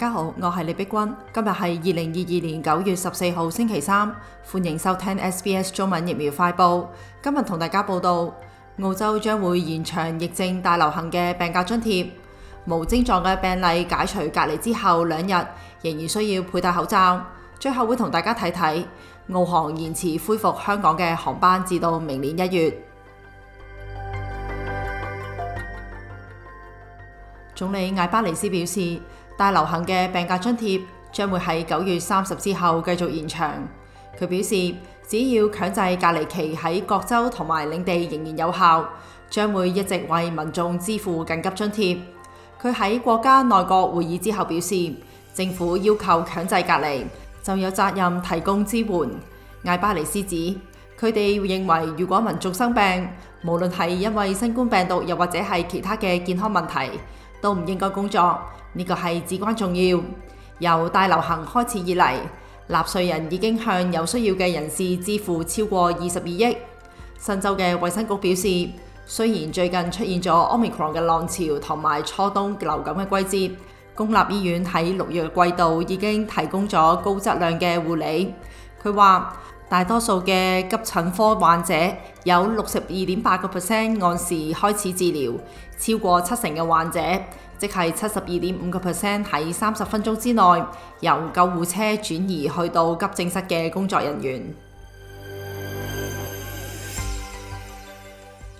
大家好，我係李碧君，今日係二零二二年九月十四號星期三，歡迎收聽 SBS 中文疫苗快報。今日同大家報道，澳洲將會延長疫症大流行嘅病假津貼，無症狀嘅病例解除隔離之後兩日，仍然需要佩戴口罩。最後會同大家睇睇，澳航延遲恢復香港嘅航班至到明年一月。總理艾巴尼斯表示，大流行嘅病假津貼將會喺九月三十之後繼續延長。佢表示，只要強制隔離期喺各州同埋領地仍然有效，將會一直為民眾支付緊急津貼。佢喺國家內閣會議之後表示，政府要求強制隔離，就有責任提供支援。艾巴尼斯指，佢哋認為，如果民眾生病，無論係因為新冠病毒又或者係其他嘅健康問題，都唔應該工作，呢個係至關重要。由大流行開始以嚟，納稅人已經向有需要嘅人士支付超過二十二億。新州嘅衛生局表示，雖然最近出現咗 omicron 嘅浪潮同埋初冬流感嘅季節，公立醫院喺六月嘅季度已經提供咗高質量嘅護理。佢話。大多數嘅急診科患者有六十二點八個 percent 按時開始治療，超過七成嘅患者，即係七十二點五個 percent 喺三十分鐘之內由救護車轉移去到急症室嘅工作人員。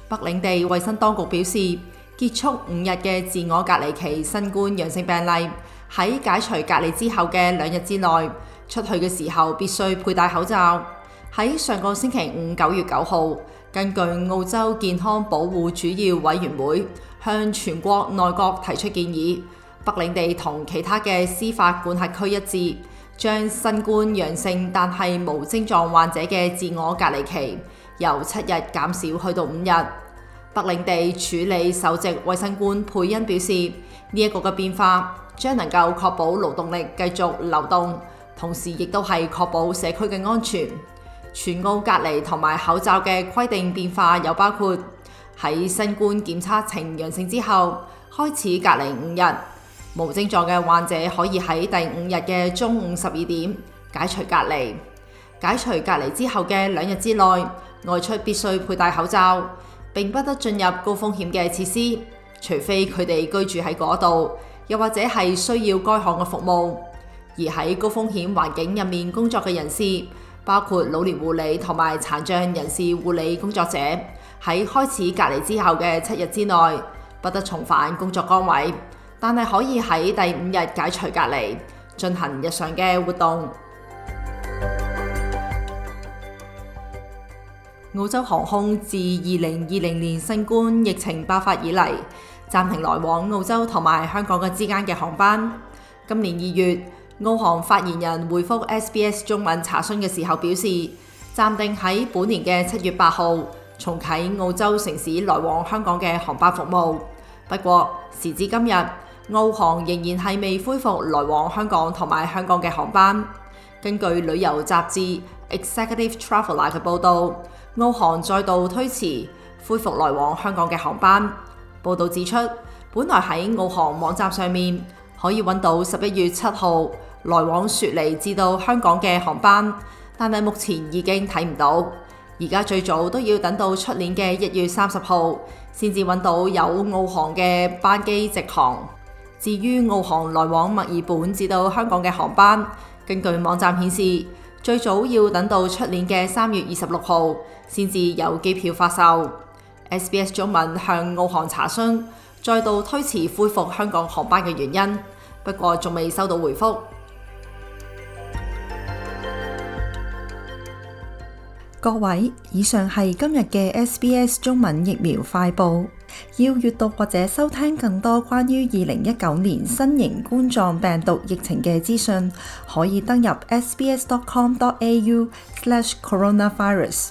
北領地衞生當局表示，結束五日嘅自我隔離期新冠陽性病例，喺解除隔離之後嘅兩日之內，出去嘅時候必須佩戴口罩。喺上個星期五，九月九號，根據澳洲健康保護主要委員會向全國內閣提出建議，北領地同其他嘅司法管轄區一致，將新冠陽性但係無症狀患者嘅自我隔離期由七日減少去到五日。北領地處理首席衛生官佩恩表示，呢、這、一個嘅變化將能夠確保勞動力繼續流動，同時亦都係確保社區嘅安全。全澳隔離同埋口罩嘅規定變化有，包括喺新冠檢測呈陽性之後開始隔離五日，無症狀嘅患者可以喺第五日嘅中午十二點解除隔離。解除隔離之後嘅兩日之內，外出必須佩戴口罩，並不得進入高風險嘅設施，除非佢哋居住喺嗰度，又或者係需要該項嘅服務。而喺高風險環境入面工作嘅人士，包括老年護理同埋殘障人士護理工作者喺開始隔離之後嘅七日之內不得重返工作崗位，但係可以喺第五日解除隔離，進行日常嘅活動。澳洲航空自二零二零年新冠疫情爆發以嚟，暫停來往澳洲同埋香港嘅之間嘅航班，今年二月。澳航發言人回覆 SBS 中文查詢嘅時候表示，暫定喺本年嘅七月八號重啟澳洲城市來往香港嘅航班服務。不過時至今日，澳航仍然係未恢復來往香港同埋香港嘅航班。根據旅遊雜誌 Executive Traveler 嘅報導，澳航再度推遲恢復來往香港嘅航班。報導指出，本來喺澳航網站上面。可以揾到十一月七號來往雪梨至到香港嘅航班，但係目前已經睇唔到。而家最早都要等到出年嘅一月三十號先至揾到有澳航嘅班機直航。至於澳航來往墨爾本至到香港嘅航班，根據網站顯示，最早要等到出年嘅三月二十六號先至有機票發售。SBS 中文向澳航查詢。再度推遲恢復香港航班嘅原因，不過仲未收到回覆。各位，以上係今日嘅 SBS 中文疫苗快報。要閱讀或者收聽更多關於二零一九年新型冠狀病毒疫情嘅資訊，可以登入 sbs.com.au/coronavirus slash。